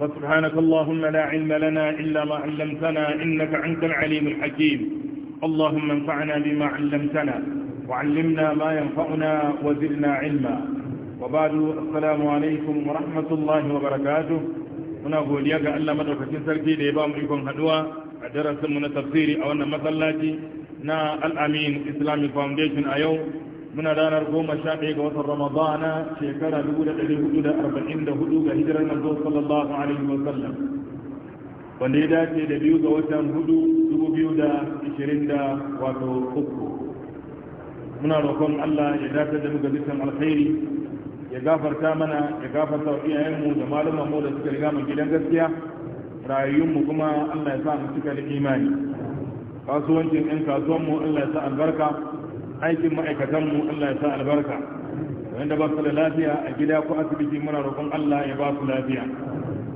فسبحانك اللهم لا علم لنا إلا ما علمتنا إنك أنت العليم الحكيم اللهم انفعنا بما علمتنا وعلمنا ما ينفعنا وزدنا علما وبعد السلام عليكم ورحمة الله وبركاته muna godiya ga Allah madaukakin sarki da ya ba mu ikon haduwa a darasinmu na tafsiri a wannan masallaci na Al-Amin Islamic Foundation a yau muna ranar goma sha ɗaya ga watan ramadana shekara dubu da ɗari hudu da arba'in da hudu ga hijirar manzo sallallahu alaihi wa sallam wanda ya dace da biyu ga watan hudu dubu biyu da ishirin da wato uku muna roƙon allah ya dace da muka bisan alkhairi ya gafarta mana ya gafarta wa iyayenmu da malamanmu da suka riga mu gidan gaskiya rayuwar kuma allah ya sa mu cika da imani kasuwancin ɗin kasuwanmu allah ya sa albarka aikin ma'aikatanmu Allah ya sa albarka wanda ba su da lafiya a gida ko asibiti muna roƙon Allah ya ba su lafiya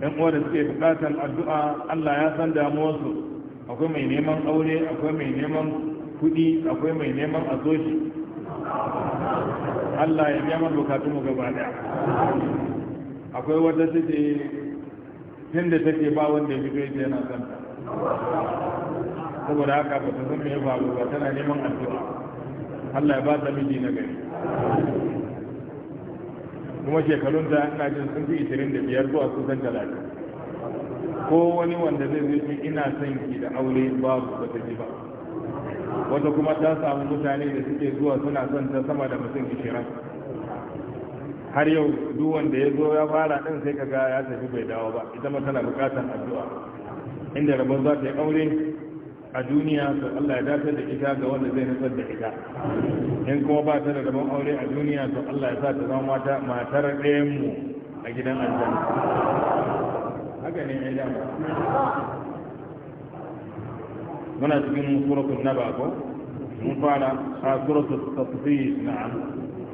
ɗan uwa da suke buƙatar addu'a Allah ya san damuwarsu akwai mai neman aure akwai mai neman kuɗi akwai mai neman azoshi Allah ya biya mana mu gaba ɗaya akwai wata take tun da take ba wanda ya fito ita yana santa saboda haka ba ta san me ya faru ba tana neman addu'a Allah ya ba ta miji na gari kuma shekarun ta ina jin sun fi da biyar zuwa kusan talatin ko wani wanda zai zai ina son ki da aure babu ba ta ji ba wata kuma ta samu mutane da suke zuwa suna son ta sama da mutum 20 har yau duk wanda ya zo ya fara din sai kaga ya tafi bai dawo ba ita ma tana bukatar addu'a inda rabon za ta yi aure a duniya to Allah ya dace da ita ga wanda zai nasar da ita in kuma ba ta da rabon aure a duniya to Allah ya sa ta zama mata matar ɗayan mu a gidan aljanna haka ne ya dama muna cikin suratul naba ko mun fara a suratul tasfir na'am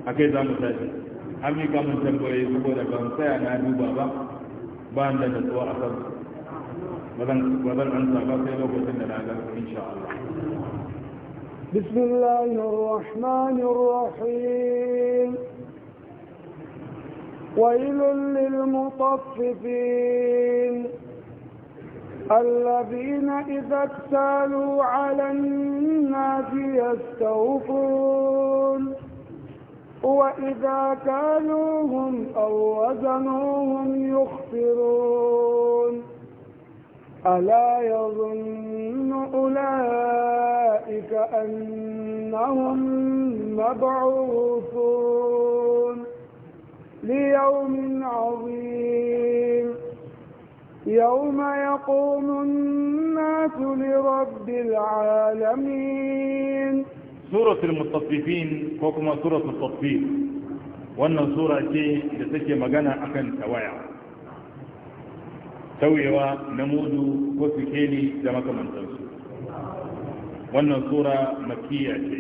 akai za mu tashi har mi kamun mun tambaye saboda ban tsaya na duba ba ba da natsuwa a kansu إن شاء الله بسم الله الرحمن الرحيم ويل للمطففين الذين إذا اكتالوا على الناس يستوفون وإذا كانوهم أو وزنوهم يخفرون ألا يظن أولئك أنهم مبعوثون ليوم عظيم يوم يقوم الناس لرب العالمين سورة المتصفين وكما سورة التصفيف وأن سورة تي لتكي مجانا أكن توائع tauyewa na mudu ko sikeli da makamantansu wannan sura makiyya ce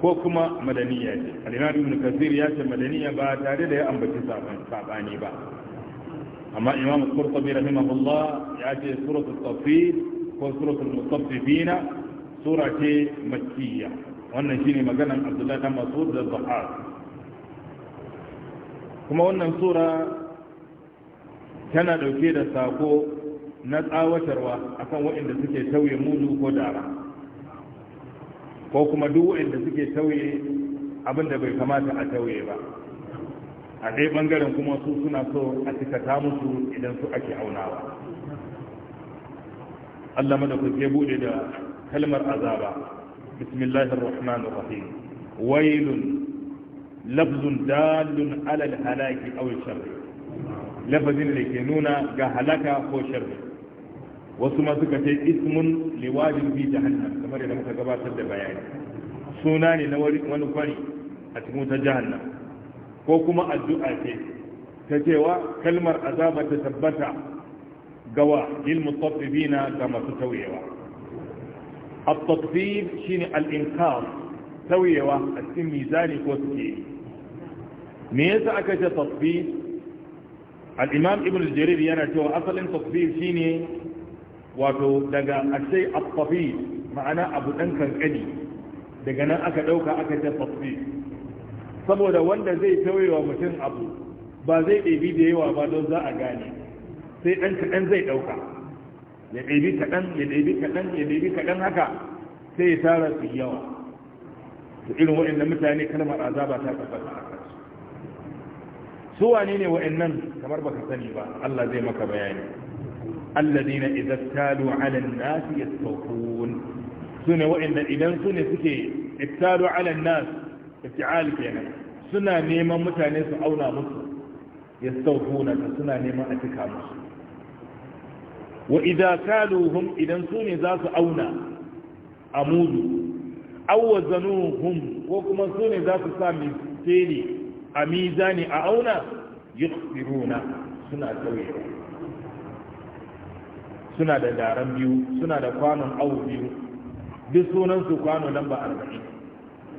ko kuma madaniya ce al'imam ibn kasir ya ce madaniya ba tare da ya ambaci sabani ba amma imam qurtubi rahimahullah ya ce suratul tafsir ko suratul mutaffifina sura ce makiyya wannan shine maganar abdullahi dan mas'ud da zahar kuma wannan sura tana ɗauke da sako na tsawatarwa akan waɗanda suke tauye mudu ko dara ko kuma duk waɗanda suke tauye abin da bai kamata a tauye ba a dai ɓangaren kuma su suna so a cikata musu idan su ake aunawa Allah ke bude da kalmar azaba bismillahir rahmanir rahim wailun lafzun dalun ala al halaki aw sharri lafazin da ke nuna ga halaka ko sharri wasu ma suka ce ismun liwadin fi jahannam kamar yadda muka gabatar da bayani suna ne na wani kwari a cikin wutar jahannam ko kuma addu'a ce ta cewa kalmar azaba ta tabbata gawa lil mutaffifina ga masu tauyewa at-tatfif shine al-inqas tauyewa a cikin mizani ko suke me yasa aka ce tatfif al'imam ibn jarir yana cewa asalin shi ne wato daga ashe afafi ma'ana abu ɗan kankani daga nan aka ɗauka aka ce tasbih saboda wanda zai tawayewa mutum abu ba zai ɗabi da yawa ba don za a gane sai ɗan kaɗan zai ɗauka ya ɗabi kaɗan ya ɗabi kaɗan ya ɗabi kaɗan haka sai ya tara su yawa to irin waɗanda mutane kalmar azaba ta tabbata su wane ne wa'annan kamar baka sani ba Allah zai maka bayani alladina idza talu ala an-nas Su sune wa'annan idan sune suke ittalu ala an-nas iftial kenan suna neman mutane su auna musu yastawquna suna neman a cika musu wa idza kaluhum idan sune za su auna amudu aw wazanuhum ko kuma sune za su sa misali a mizani a auna yusfiruna suna tauyewa suna da daren biyu suna da kwanon awu biyu duk sunan su kwano lamba arba'in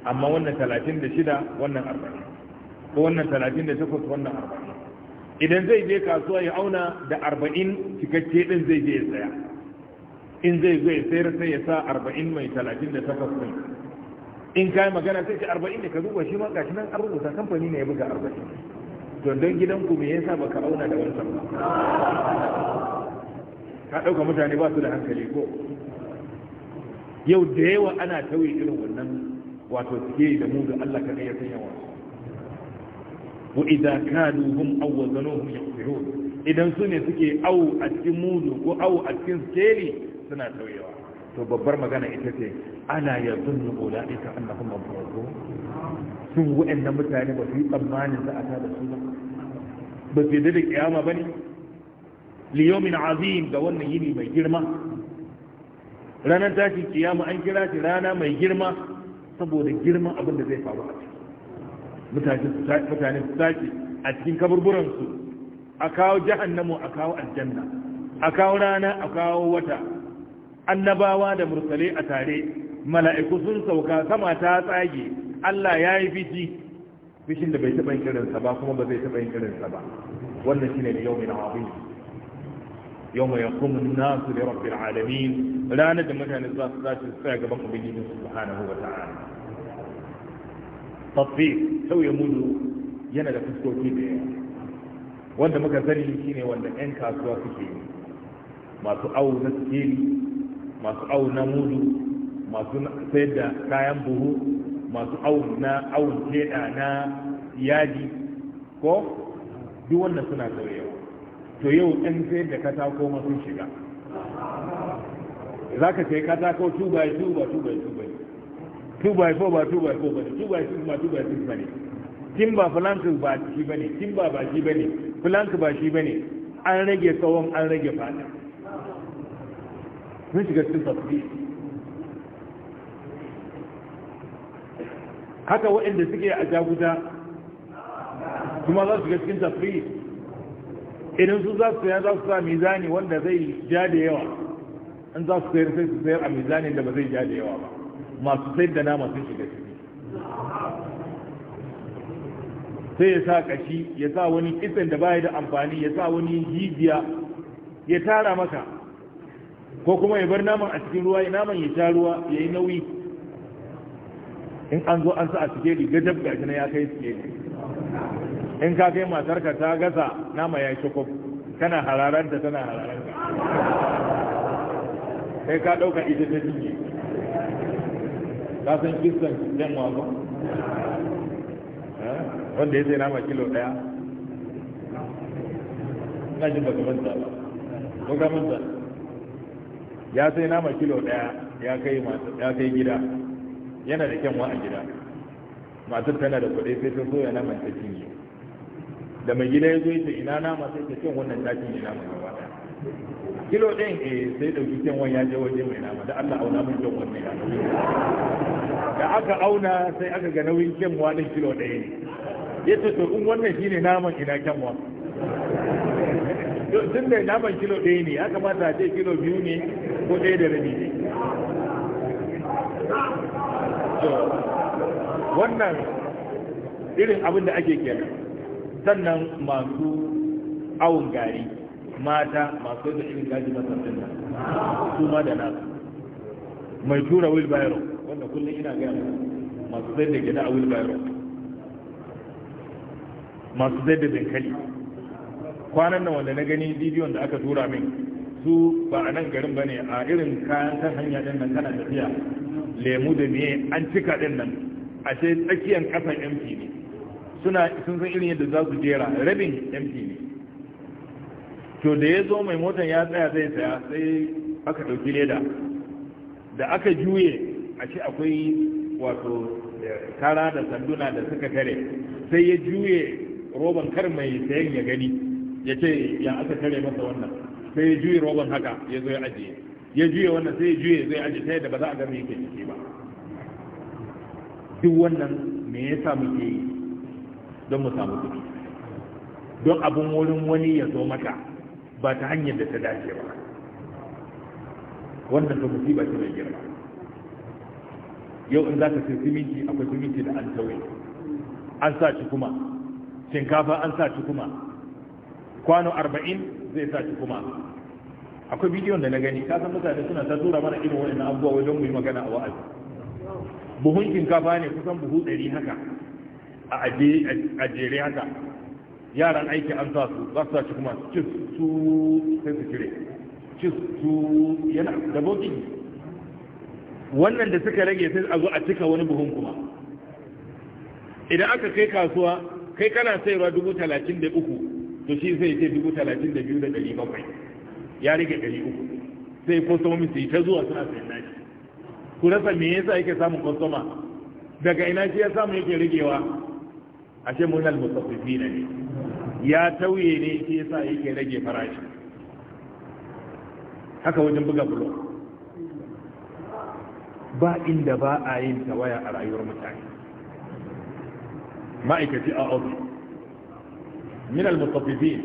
amma wannan talatin da shida wannan arba'in ko wannan talatin da takwas wannan arba'in idan zai je kasuwa ya auna da arba'in cikakke din zai je ya saya in zai zo ya sayar sai ya sa arba'in mai talatin da takwas mai in ka yi magana sai ce arba'in ne ka duba shi ma gashi nan an rubuta kamfani ne ya buga arba'in don don gidanku me yasa baka auna da wannan ba ka ɗauka mutane ba su da hankali ko yau da yawa ana tauye irin wannan wato suke da mu da Allah ka ya sanya wa wa idza dubun aw hum yaqtirun idan su ne suke au a cikin mudu ko au a cikin skeli suna tauyewa to babbar magana ita ce ana ya zunnu ula'ika annahum mabruku sun na mutane ba su yi tsammanin za a tada su ba ba su yadda da kiyama ba ne liyomin azim ga wannan yini mai girma ranar tashin kiyama an kira shi rana mai girma saboda girma abin da zai faru a ciki mutane su tashi a cikin kaburburansu a kawo jahannamu a kawo aljanna a kawo rana a kawo wata annabawa da mursale a tare mala'iku sun sauka sama ta tsage Allah ya yi fiji. fishin da bai taɓa yin ba kuma ba zai taɓa yin irinsa ba wannan shi ne da yawmin azim yawma kuma an-nasu da rabbil alamin ranar da mutane za su tashi su tsaya gaban ubangiji subhanahu wa ta'ala tafi sauya mudu yana da fuskoki da yawa wanda muka sani shine wanda 'yan kasuwa suke yi masu awo na yi masu au na mudu masu sayar da kayan buhu masu au na au leda na yadi ko duk wanda suna sauyawa to yau ɗan sayar da katako masu shiga za ka sai katako 2 by 2 ba 2 by 2 ba 2 by 4 ba 2 by 4 ba 2 by 6 ba 2 by 6 ba ne timba plank ba shi ba ne timba ba shi ba ne filanku ba shi ba ne an rage tsawon an rage fata sun shiga cikin tasbih haka waɗanda suke a jaguda kuma za su shiga cikin tasbih idan su za su za su sa zane wanda zai ja da yawa in za su sayar sai su sayar a mizani da ba zai ja da yawa ba masu sai da nama sun shiga ciki sai ya sa kashi ya sa wani kitsen da baya da amfani ya sa wani jijiya ya tara maka ko kuma ya bar naman a cikin ruwa naman ya sha ruwa ya yi nauyi in an zo an sa a cikin riga jab gashi na ya kai suke in ka kai ka ta gasa nama ya shi kwaf kana hararanta tana hararanta kai ka ɗauka ita ta jiki ka san kistan jan wazo eh? wanda ya sai nama kilo ɗaya na jin baka manta ba ko ka manta ya sai nama kilo daya ya kai ya kai gida yana da kyanwa a gida matar tana da kuɗi sai ta soya naman ta cinye da mai gida ya zo yace ina nama sai ta cin wannan ta cinye nama gaba kilo ɗin eh sai ɗauki wani ya je waje mai nama da Allah auna mun kyanwan mai nama da aka auna sai aka ga nauyin kyanwa ɗin kilo ɗaya ne yace to in wannan shine naman ina kyanwa tun da naman kilo ɗaya ne ya kamata a ce kilo biyu ne ko ɗaya da rabi wannan irin abin da ake kenan sannan masu awon gari mata masu da irin gaji masarfin nan su ma da nasu mai tura wilbairo wanda kullum ina gaya masu zai da gida a wilbairo masu zai da zinkali kwanan nan wanda na gani bidiyon da aka tura min su ba a nan garin ba ne a irin kayan kan hanya ɗin nan tana tafiya lemu da miye an cika ɗin nan a ce tsakiyar ƙasar mp ne suna sun san irin yadda za su jera rabin mp ne to da ya zo mai motar ya tsaya zai saya sai aka ɗauki leda da aka juye a ce akwai wato kara da sanduna da suka tare sai ya juye roban kar mai sayan ya gani ya ce ya aka tare masa wannan sai ya juye roban haka ya zo ya ajiye ya juye wannan sai ya juye zai aji ta yadda ba za a ga yake ciki ba duk wannan me ya sa muke yi don mu samu kuɗi don abin wurin wani ya zo maka ba ta hanyar da ta dace ba wannan ta musiba ce mai girma yau in za ka sai siminti akwai siminti da an tauye an sa ci kuma shinkafa an sa ci kuma kwano arba'in zai sa ki kuma akwai bidiyon da na gani ka san mutane suna ta tura mana irin wani abubuwa wajen mu yi magana a wa'azi buhun shinkafa ne kusan buhu ɗari haka a jere haka yaran aiki an sa su za su sa ci kuma cis su sai su cire cis su yana da boki wannan da suka rage sai a zo a cika wani buhun kuma idan aka kai kasuwa kai kana sayarwa dubu talatin da uku to shi zai ce dubu talatin da biyu da ɗari bakwai ya rage ɗari uku sai kwastomomi su yi ta zuwa suna sayan nashi ku rasa me yasa yake samun kwastoma daga ina shi ya samu yake ragewa ashe munal na ne ya tauye ne shi yasa yake rage farashi haka wajen buga bulo ba inda ba a yin tawaya a rayuwar mutane ma'aikaci a ofis min al-mutaffifin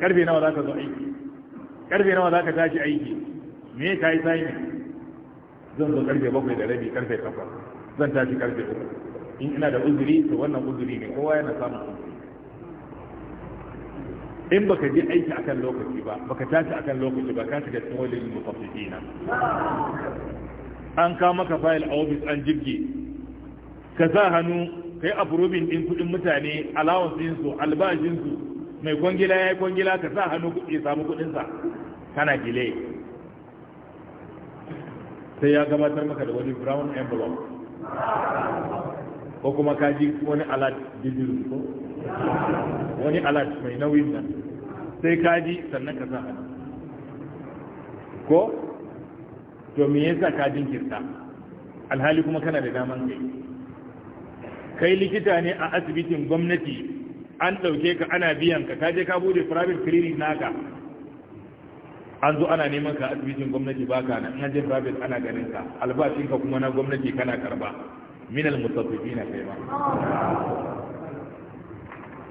karfe nawa zaka zo aiki karfe nawa zaka tashi aiki me kai sai zan zo karfe bakwai da rabi karfe 8 zan tashi karfe 3 in ina da uzuri to wannan uzuri ne kowa yana samun uzuri in baka je aiki akan lokaci ba baka tashi akan lokaci ba ka shiga cikin wajen mutaffifina an ka maka fayil a ofis an jirgi ka sa hannu kai a burobin ɗin kuɗin mutane alawansinsu albashinsu mai kwangila ya yi kwangila ka sa hannu ya samu kuɗinsa kana gile sai ya gabatar maka da wani brown envelope ko kuma ka ji wani alat digital ko wani alat mai nauyin nan sai ka ji sannan ka sa hannu ko to me yasa ka jinkirta alhali kuma kana da daman kai kai likita ne a asibitin gwamnati an ɗauke ka ana biyan ka kaje ka bude private clinic naka an zo ana neman ka asibitin gwamnati baka nan an je private ana ganin ka albashin ka kuma na gwamnati kana karba min al musaffifina kai ma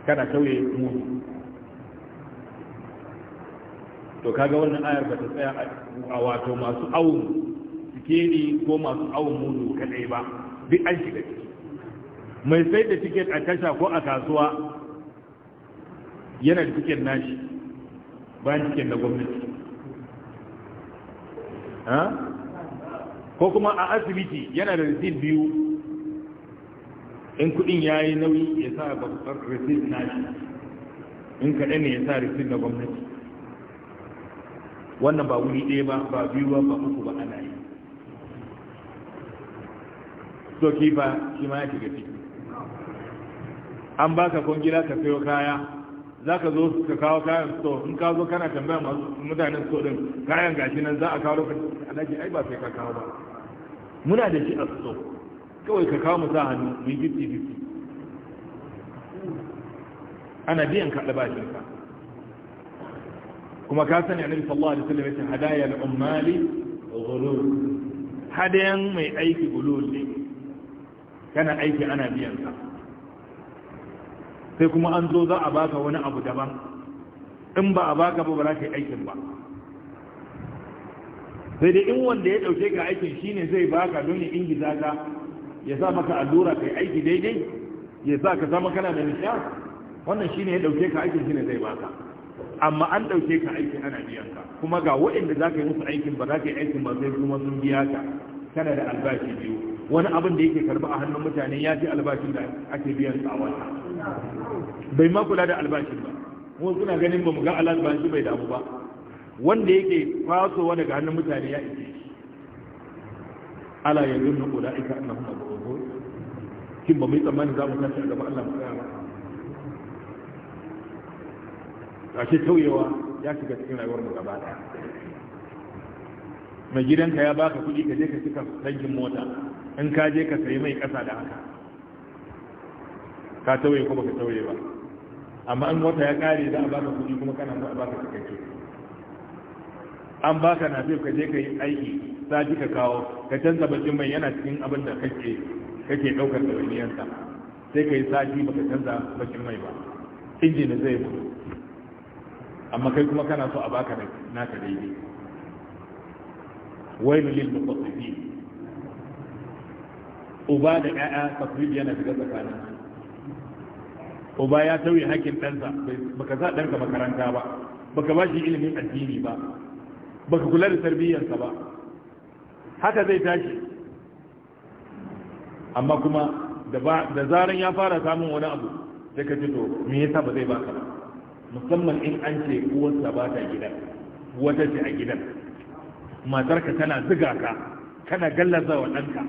kana kauye mutu to kaga wannan ayar ba ta tsaya a wato masu awun sikeli ko masu awun mudu kadai ba duk an shiga ciki mai sai da tiket a tasha ko a kasuwa yana da tiket nashi bayan tiket na gwamnati ko kuma a asibiti yana da receipt biyu in kudin ya yi nauyi ya sa babbar receipt nashi in kaɗai ne ya sa receipt na gwamnati wannan ba wuri ɗaya ba ba biyu ba ba uku ba ana yi so kifa shi ma ya shiga ciki an baka kwangila ka sayo kaya za ka zo ka kawo kayan sto in ka zo kana tambaya masu mutanen sto din kayan gashi nan za a kawo lokacin daji, ai ba sai ka kawo ba muna da shi a sto kawai ka kawo mu sa hannu mu yi fifty ana biyan ka bashin ka kuma ka sani annabi sallallahu alaihi wasallam yace hadaya al-ummali ghulul hadayan mai aiki gulul ne kana aiki ana biyan ka sai kuma an zo za a baka wani abu daban in ba a baka ba ba za ka yi aikin ba sai dai in wanda ya dauke ka aikin shine zai baka don ya ingiza ka ya sa maka allura kai aiki daidai ya sa ka zama kana da nishiya wannan shine ya dauke ka aikin shine zai baka amma an dauke ka aiki ana biyan ka kuma ga waɗanda za ka yi musu aikin ba za ka yi aikin ba sai kuma sun biya ka kana da albashi biyu wani abin da yake karba a hannun mutane ya fi albashin da ake biyan sa a wata bai ma kula da albashin ba kuma suna ganin ba mu ga albashi bai damu ba wanda yake fasowa daga hannun mutane ya ishe ala yanzu na kula ita annahum mabu'un kin ba mu yi tsammanin za mu tashi a gaba Allah mu ba a ce tauyewa ya shiga cikin rayuwar mu gaba ɗaya mai gidanka ya baka kuɗi ka je ka cika dangin mota in ka je ka sayi mai ƙasa da haka ka tauye kuma ka tauye ba amma an wata ya ƙare za a baka kuɗi kuma kana mu a baka takaice an baka na ka je ka yi aiki sati ka kawo ka canza bakin mai yana cikin abin da kake kake ɗaukar ɗawainiyarsa sai ka yi ba baka canza bakin mai ba ne zai mutu amma kai kuma kana so a baka naka daidai wailul lil mutaffifin uba da ƴaƴa tafriji yana shiga tsakanin uba ya sauya hakkin ɗansa baka sa ɗanka makaranta ba baka ba shi ilimin addini ba baka kula da tarbiyyarsa ba haka zai tashi amma kuma da zaran ya fara samun wani abu sai ka to me yasa ba zai baka ba musamman in an ce uwarsa ba ta gidan wata ce a gidan matarka tana ziga ka kana gallaza wa ɗanka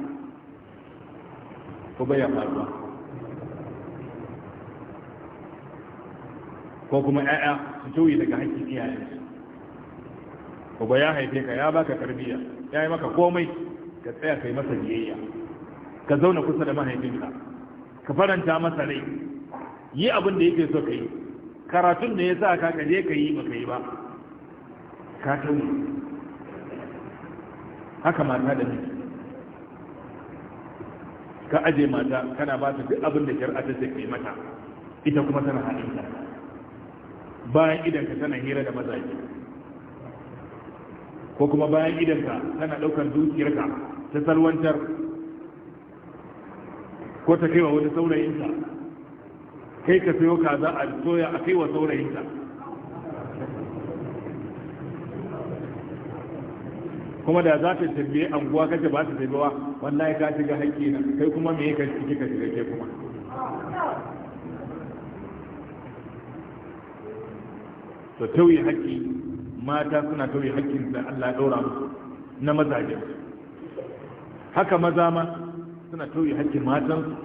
ko bai faruwa ko kuma yaya su juyi daga haƙƙin iyayensu ko ya haife ka ya baka tarbiyya ya yi maka komai ka tsaya kai masa biyayya ka zauna kusa da mahaifinka ka faranta masa rai yi abin da yake so ka yi karatun da ya sa ka kaje ka yi ba ka yi ba ka tauni haka mata da miji ka aje mata kana ba ta duk abin da shari'a ta sake mata ita kuma tana haɗin ka bayan idan ka tana hira da mazaje ko kuma bayan idan ka tana ɗaukar dukiyarka ta salwantar ko ta kaiwa wani saurayinka kai ka sayo kaza a soya a kaiwa saurayinka kuma da za ta tambaye anguwa kace ba ta tambaye ba wallahi ka shiga hakki na kai kuma me ka kike ka shiga ke kuma to tauye hakki mata suna tauye hakkin da Allah ya daura musu na mazaje haka maza ma suna tauye haƙƙin matan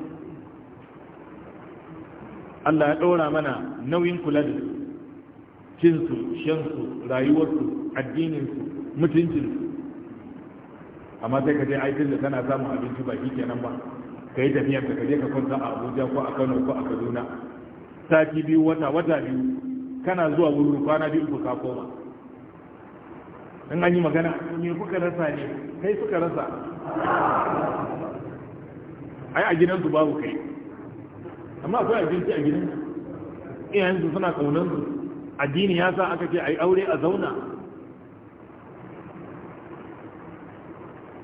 Allah ya daura mana nauyin kula da cinsu, shansu, rayuwarsu, addininsu, mutuncinsu. amma sai ka je aikin da kana samun abinci ba shi kenan ba ka yi tafiyar ka je ka kwanta a abuja ko a kano ko a kaduna sati biyu wata wata biyu kana zuwa wurin kwana biyu ku ka koma in an yi magana me kuka rasa ne kai suka rasa ai a gidan su babu kai amma akwai abinci a gidan gidansu iyayensu suna su addini ya sa aka ce a yi aure a zauna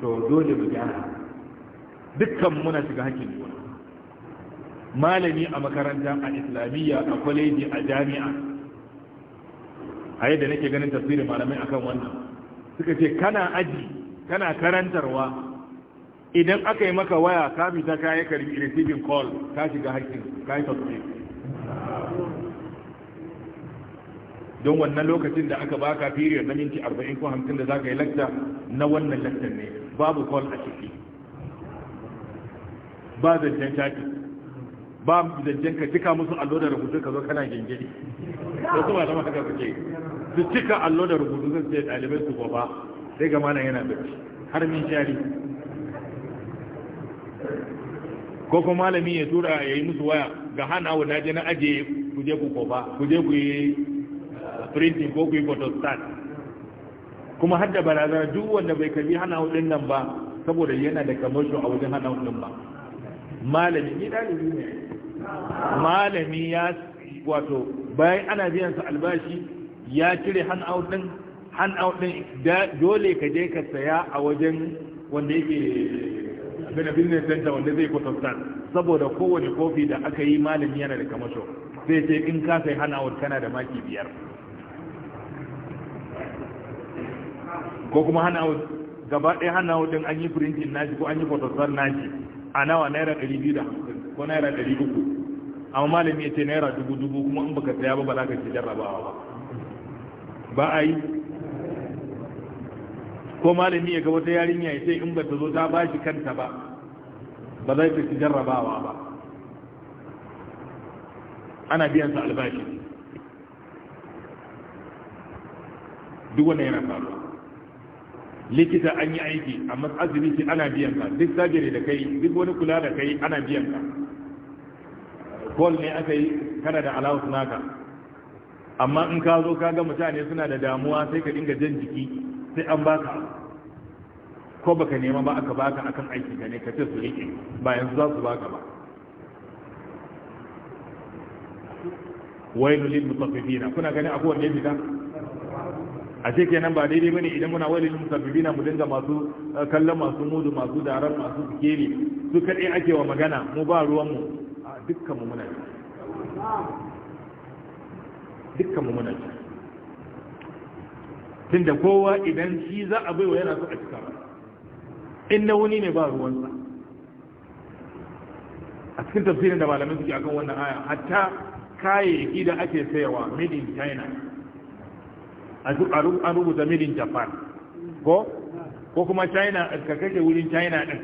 to dole mu gyara dukkan muna shiga hakkin juna malami a makaranta a islamiyya a kwaleji a jami'a a yadda nake ganin tafsirin malamai akan wannan suka ce kana aji kana karantarwa idan aka yi maka waya ka bi ka yi karbi receiving call ka shiga hakkin ka yi tafsir don wannan lokacin da aka baka period na minti 40 ko 50 da za ka yi lakta na wannan laktar ne babu kwan a ciki ba zancen shaki ba zancen ka cika musu allo da rubutu ka zo kana da su ba zama haka suke su cika allo da rubutu zan ce ɗalibai su ba sai gama nan yana bacci har min shari ko kuma malami ya tura ya yi musu waya ga hana wa na je na ajiye ku je ku kofa ku je ku yi printing ko ku yi photostat kuma hadda barazana duk wanda bai kalli hana hudun nan ba saboda yana da kamasho a wajen hana hudun ba malami ni dalibi ne malami ya wato bayan ana biyan sa albashi ya cire hana out hana hand out dole ka je ka saya a wajen wanda yake bin business center wanda zai kwatanta saboda kowane kofi da aka yi malami yana da kamasho sai sai in ka sai hana out kana da maki biyar ko kuma hana gaba ɗaya hana hutun an yi printin naji ko an yi fotosar naji a nawa naira ɗari biyu da hamsin ko naira ɗari uku amma malami ya ce naira dubu dubu kuma in baka saya ba ba za ka ci jarrabawa ba ba a yi ko malami ya ga wata yarinya ya ce in ba ta zo ta ba shi kanta ba ba za ka ci jarrabawa ba ana biyan sa albashi duk wani yana faruwa likita an yi aiki amma asibiti ana biyan ka duk sajere da kai duk wani kula da kai ana biyan ka kol ne aka yi kana da alawus naka amma in ka zo ka ga mutane suna da damuwa sai ka dinga jan jiki sai an baka ko baka nema ba aka baka akan aiki ka ne ka ce su rike ba yanzu za su baka ba wailu lil mutaffifina kuna gani akwai wanda ya fita A ashe kenan ba daidai bane idan muna musabbibi na mu dinga masu eh, kallon masu mudu masu daren masu sikeli su kaɗai ake wa magana mu ba ruwan mu dukkan mu muna dukkan mu muna tunda kowa idan shi za a baiwa yana so a cika in na wuni ne ba ruwansa a cikin tafsirin da malamin suke akan wannan aya hatta kayayyaki da ake sayawa made in china a rubuta milin japan ko ko kuma china ka kake wurin china din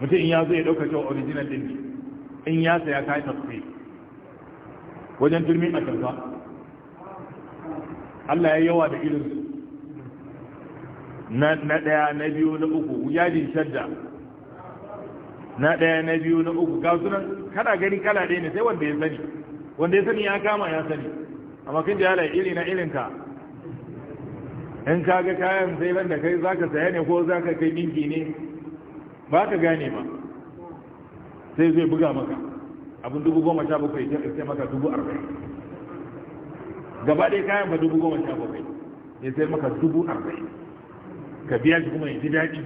mutum in ya zo ya ɗauka cewa original din in ya saya kai tafi wajen turmin a tafa Allah ya yawa da irin na ɗaya na biyu na uku yajin shadda na ɗaya na biyu na uku ga sunan kada gani kala ɗaya ne sai wanda ya sani wanda ya sani ya kama ya sani amma kin da yalaye iri na ilinka, in ka ga kayan sai banda da kai zaka saya ne ko zaka kai dinki ne ba ka gane ba sai zai buga maka abin dubu goma sha bakwai ya sai maka dubu arba'in gaba ɗaya kayan ba dubu goma sha bakwai ya sai maka dubu arba'in ka biya shi kuma ya ji daɗi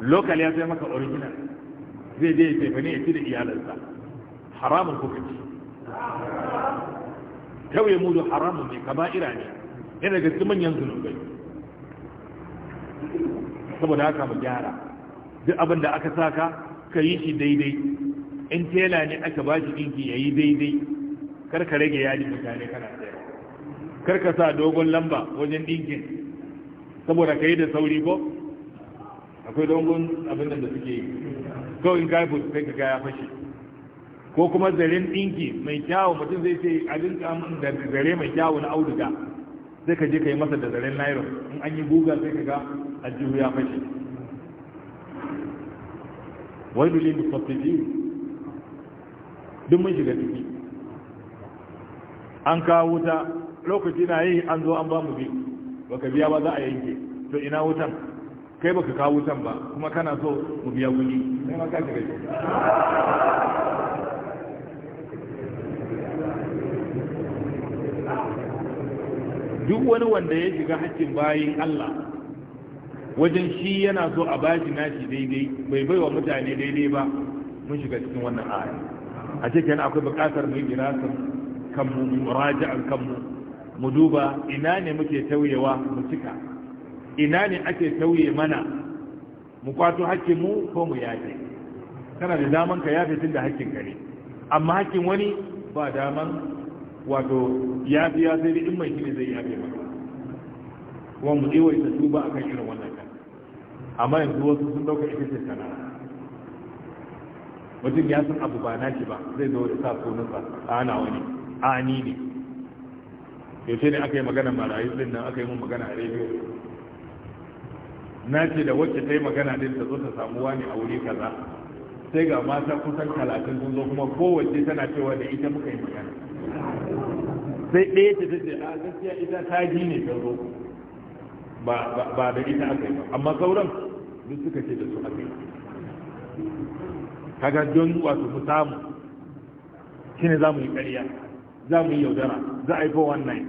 lokal ya sai maka original zai je ya taifani ya ci da iyalansa haramun kuka ci tauye mudu haramun mai kaba'ira ne yana daga cikin manyan zunubai saboda haka mu gyara duk abin da aka saka ka yi shi daidai in tela ne aka ba shi ɗinki ya yi daidai kar ka rage yadi mutane kana tsaye kar ka sa dogon lamba wajen ɗinkin saboda ka yi da sauri ko akwai dogon abin da suke yi kawai in ka yi kai ka ya fashe ko kuma zaren ɗinki mai kyawu mutum zai ce a dinka da zare mai kyawu na auduga sai ka je ka yi masa da zaren nairon in an yi guga sai ka ga aljihu ya fashe wai dole mu sabtaji duk mun shiga ciki an kawo wuta lokaci na yi an zo an ba mu bi baka biya ba za a yanke to ina wutan kai baka kawo wutan ba kuma kana so mu biya kuɗi sai ma ka shiga ciki duk wani wanda ya shiga haƙƙin bayin Allah wajen shi yana so a bashi nashi daidai bai baiwa mutane daidai ba mun shiga cikin wannan aya a cikin akwai buƙatar mu yi kanmu mu raja'an kanmu mu duba ina ne muke tauyewa mu cika ina ne ake tauye mana mu kwato haƙƙin mu ko mu yafe kana da daman ka yafe tun da haƙƙin ka ne amma haƙƙin wani ba daman wato ya biya sai in mai shine zai yafe ba kuma mu ta tuba akan irin wannan kan amma yanzu wasu sun dauka ita ce sana'a mutum ya san abu ba na shi ba zai zo da sa sunansa ana wani ani ne yaushe ne aka yi magana marayu din nan aka yi mun magana a rediyo na ce da wacce ta yi magana din ta zo ta samu wani a wuri kaza sai ga mata kusan talatin sun zo kuma kowace tana cewa da ita muka yi magana sai ɗaya ce ta ce a gaskiya ita kaji ne ta zo ba da ita aka yi ba amma sauran duk suka ce da su aka yi kaga don wato mu samu shi ne za mu yi ƙarya za mu yi yaudara za a yi fo wannan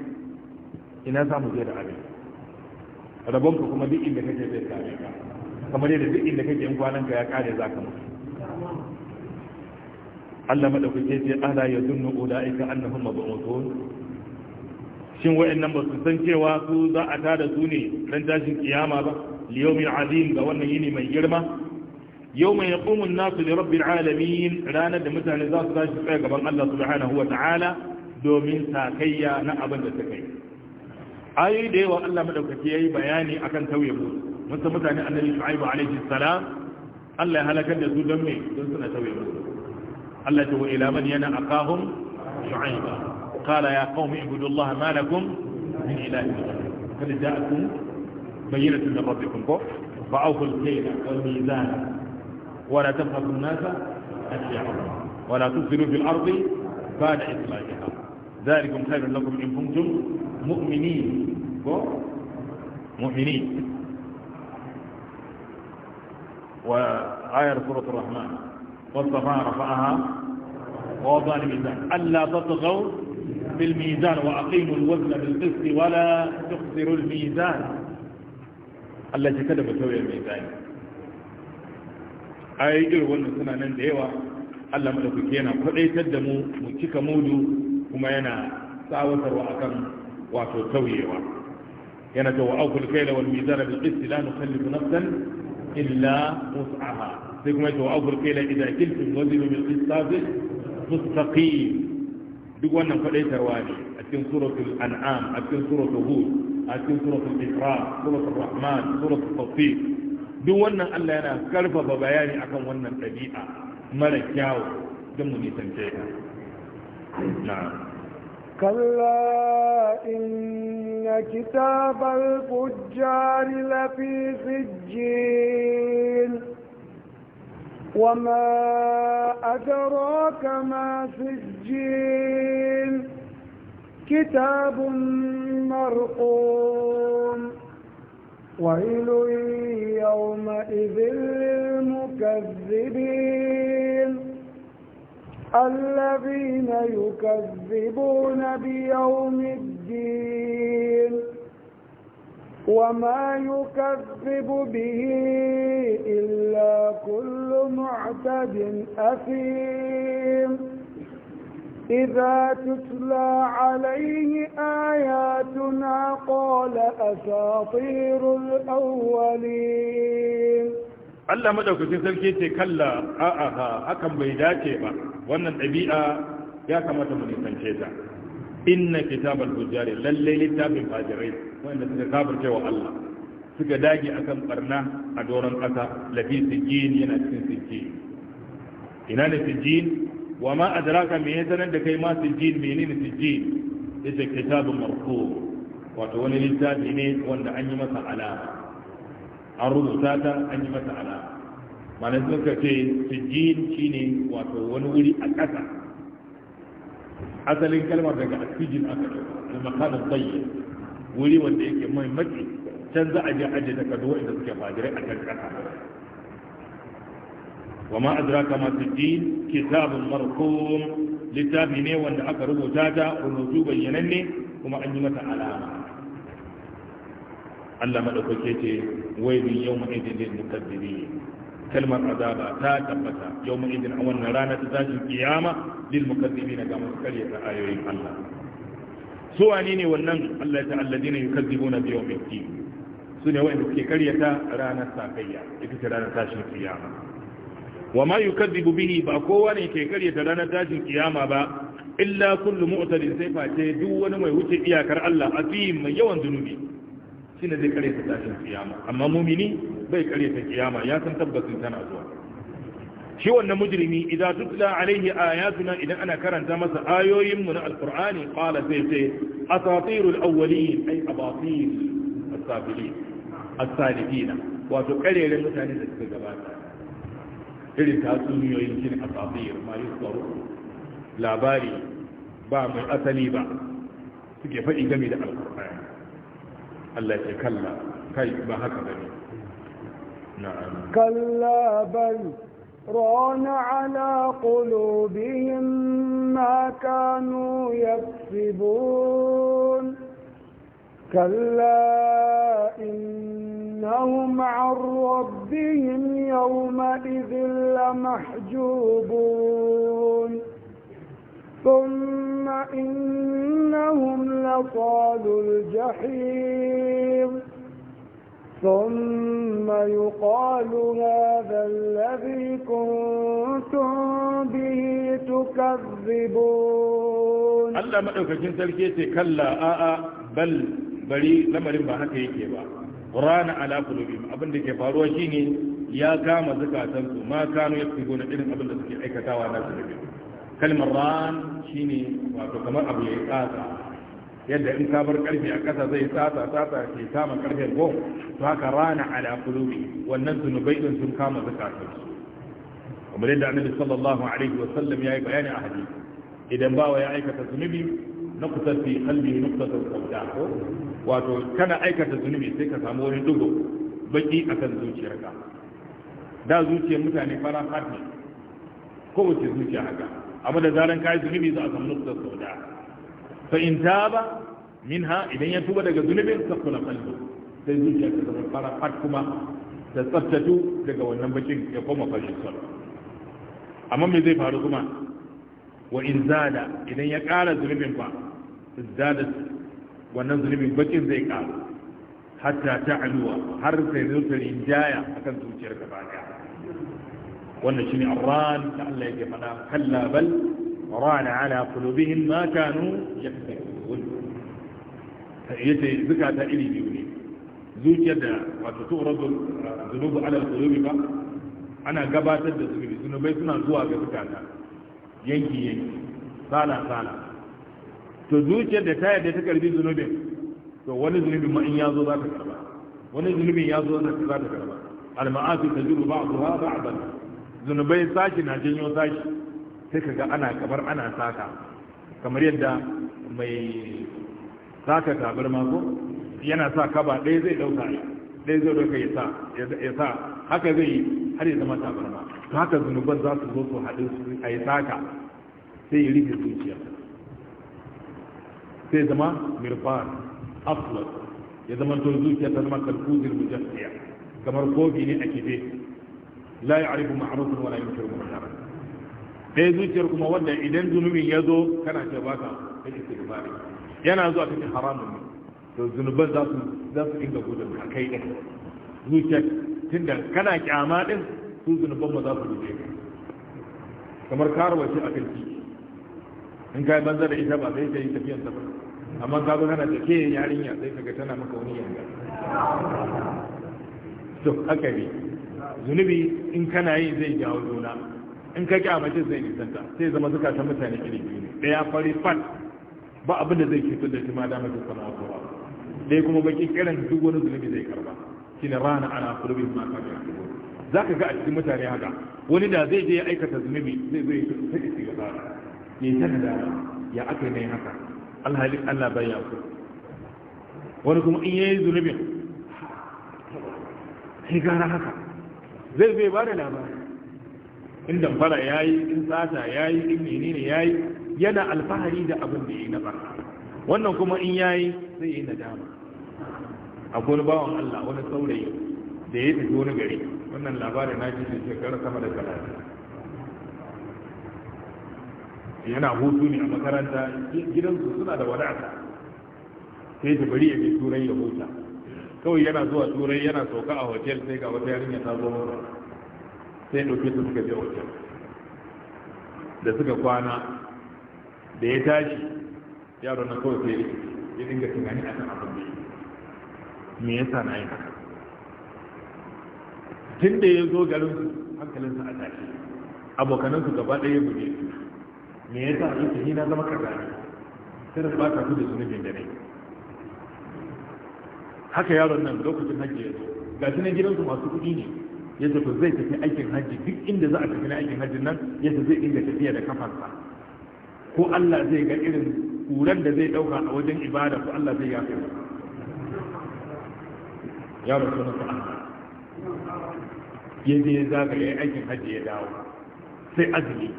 ina za mu je da abin ka kuma duk inda kake zai kare ka kamar yadda duk inda kake yin kwanan ka ya kare za ka mutu Allah madaukake ce ala yadunnu ulaika annahum mab'utun shin wa'annan ba su san cewa su za a tada su ne ran tashin kiyama ba liyawmin azim ga wannan yini mai girma yau mai an-nasu li rabbil alamin ranar da mutane za su tashi tsaye gaban Allah subhanahu wa ta'ala domin takayya na abin da ta kai. ayoyi da yawa Allah madaukaki yayi bayani akan tauye musu musa mutane annabi shu'aibu alaihi salam Allah ya halakar da su don me don suna tauye musu Allah ta wa ila man yana aqahum shu'aiba قال يا قوم اعبدوا الله ما لكم من إله قد جاءكم بينة من ربكم فأوفوا الكيل والميزان ولا تبخسوا الناس أشياءهم ولا تفسدوا في الأرض بعد إصلاحها ذلكم خير لكم إن كنتم مؤمنين مؤمنين وآية سورة الرحمن والصفاء رفعها ووضع الميزان ألا تطغوا بالميزان وأقيموا الوزن بالقسط ولا تخسروا الميزان التي كذب توي الميزان أي إرغن سنة نندهوا Allah madaukake yana kwadaitar da mu mu cika mudu kuma yana tsawatarwa akan wato tauyewa yana ta wa aukul kaila wal mizana bil qist la nukallifu nafsan illa wus'aha sai kuma ta wa aukul kaila idza kiltum wazinu bil qistas mustaqim duk wannan faɗaitarwa ne a cikin suratul an'am a cikin suratul hud a cikin suratul isra suratul rahman suratul tafsir duk wannan Allah yana karfafa bayani akan wannan ɗabi'a mara kyawu don mu nisance ta na'am كلا إن كتاب الفجار لفي سجين وما أدراك ما سجين كتاب مرقوم ويل يومئذ للمكذبين الذين يكذبون بيوم الدين وما يكذب به إلا كل معتد أثيم إذا تتلى عليه آياتنا قال أساطير الأولين Allah madaukakin sarki ce kalla a'a hakan bai dace ba wannan ɗabi'a ya kamata mu nisance ta inna kitabal fujari lalle littafin fajirai wanda suka kafirce wa Allah suka dage akan barna a doron kasa lafi sijjin yana cikin sijjin ina ne sijjin wa ma adraka me ya sanar da kai ma sijjin menene sijjin ita kitabun marfu wato wani littafi ne wanda an yi masa alama an rubuta ta an yi masa alama ma'ana suka ce sijjin shine wato wani wuri a kasa asalin kalmar daga asijin aka da makanan tsaye wuri wanda yake mai matsi can za a je aje da kado inda suke a kan kasa wa ma adraka ma sijin kitabun marqum littafi ne wanda aka rubuta ta rubutu bayyananne kuma an yi mata alama Allah madaukake ce wailun yawma idin lil mukaddimin kalmar azaba ta tabbata yau mu idin a wannan rana ta tashin kiyama lil mukazzibi na ga masu karya ta ayoyin Allah su wani ne wannan Allah ya ta'alla dina yukazzibuna bi yawmin din su ne wanda suke karyata ranar sakayya ita ce ranar tashin kiyama wa ma yukazzibu bihi ba kowa ne ke karyata ranar tashin kiyama ba illa kullu mu'tadin sai face duk wani mai wuce iyakar Allah azim mai yawan zunubi shine zai kare ta tashin kiyama amma mumini bai kare ta kiyama ya san tabbacin tana zuwa shi wannan mujrimi idan tutla alaihi ayatuna idan ana karanta masa ayoyin mu na alqur'ani qala sai sai asatirul awwalin ay abatil as-sabilin as-salihin wato karerin mutane da suka gabata irin tatsuniyoyin cin asatir ma yusbaru labari ba mai asali ba suke faɗi game da alqur'ani Allah ke kalla kai ba haka ba ne kalla bal ران على قلوبهم ما كانوا يكسبون كلا إنهم عن ربهم يومئذ لمحجوبون ثم إنهم لصال الجحيم ثم يقال هذا الذي كنتم به تكذبون الله ما يوكا جنسا لكيتي كلا آآ بل بلي لما رمبا هكي كيبا قرآن على قلوبهم أبن دي كفاروشيني يا كام زكاة ما كانوا يكتبون إلهم أبن دي كيكتاوانا سبقين kalmar ran shi ne wato kamar abu ya yi tsatsa yadda in ka bar karfe a ƙasa zai tsatsa tsatsa ke kama karfe go to haka rana ala qulubi wannan zunubai din sun kama zakatun su kamar yadda annabi sallallahu alaihi wa sallam yayi bayani a hadisi idan bawa ya aikata zunubi na kusanci kalbi nuqtatu sauda ko wato kana aikata zunubi sai ka samu wani dugo baki akan zuciyarka da zuciyar mutane fara fat ne ko wace zuciya haka abu da zaran kai zunubi za a samu nukta sauda fa in taba minha idan ya tuba daga zunubin kula kalbi sai zuciya ta zama fara fat kuma ta tsaftatu daga wannan bakin ya koma fashin sol amma me zai faru kuma wa in zada idan ya ƙara zunubin fa zada wannan zunubin bakin zai ƙara hatta ta aluwa har sai zo ta rinjaya akan zuciyar gaba ɗaya wannan shine arran da Allah yake fada kalla bal rana ala qulubihim ma kanu yakfurun yace zakata iri biyu ne zuciyar da wato tu'radu zunubu ala qulubi ba ana gabatar da zunubi zunubai suna zuwa ga zakata yanki yanki sala sala to zuciyar da ta yarda ta karbi zunubin to wani zunubin ma in yazo za ta karba wani zunubin yazo za ta karba al-ma'asi tajiru ba'daha ba'dan zunubai sashi na janyo sashi sai ka ga ana kamar ana saka kamar yadda mai saka tabar mako yana sa kaba ɗaya zai ɗauka ɗaya zai ɗauka ya sa ya sa haka zai yi har ya zama tabar ma to haka zunuban za su zo su haɗu a yi saka sai ya rufe zuciya sai zama mirfar aflat ya zama to zuciya ta zama kalkuzin mujassiya kamar kofi ne a kife la ya'rifu ma'rufan wala yunkiru munkar ɗaya zuciyar kuma wanda idan zunubin ya zo kana ce ba ka kake istighfari yana zuwa cikin haramun ne to zunuban za su za su dinga gudun ka kai din zuciyar tunda kana kyama ɗin. su zunuban ba za su guje ka kamar karuwa ce kan titi in kai banza da ita ba sai ta yi tafiyan ta ba amma ka zo kana tafiye yarinya sai ga tana maka wani yanga to haka ne zunubi in kana yi zai jawo juna in ka mace zai nisanta sai zama ta mutane iri biyu ne ɗaya fari fat ba abin da zai cutar da shi ma dama mace sana'a ko ba kuma baki kiran duk wani zunubi zai karba shine rana ana kurbin ma ka ga za ka ga a cikin mutane haka wani da zai je ya aikata zunubi zai zai ta ga fara ne ta da ya aka ne haka alhali Allah bai ya ku wani kuma in yayi zunubin sai gara haka zai zai ba da labari in damfara ya yi in tsata ya yi in menene ya yi yana alfahari da abin da ya yi na fara. wannan kuma in ya yi zai yi yi nadama akwai wani bawan Allah wani saurayi da ya tafi wani gari wannan labarin na ji shekara sama da talatin yana hutu ne a makaranta gidansu suna da wadata sai ta bari ya je turai da hutu kawai yana zuwa turai yana sauka a hotel sai ga wata yarinya ta zo mura sai ɗauke su suka je hotel da suka kwana da ya tashi yaron na kawai sai ya dinga tunani a kan abin da me yasa na yi haka tun da ya zo garin su hankalinsa a tashi abokanansu gaba ɗaya buɗe su me yasa yake ni na zama kaza ne sai da ba ka su da zunubin da ne haka yaron nan lokacin hajji ya zo ga shi na gidansu masu kuɗi ne ya ce zai tafi aikin hajji duk inda za a tafi na aikin hajji nan ya ce zai inda tafiya da kafarsa ko Allah zai ga irin kuran da zai ɗauka a wajen ibada ko Allah zai yafe masa yaron sunan sa Allah ya je zagaye aikin hajji ya dawo sai azumi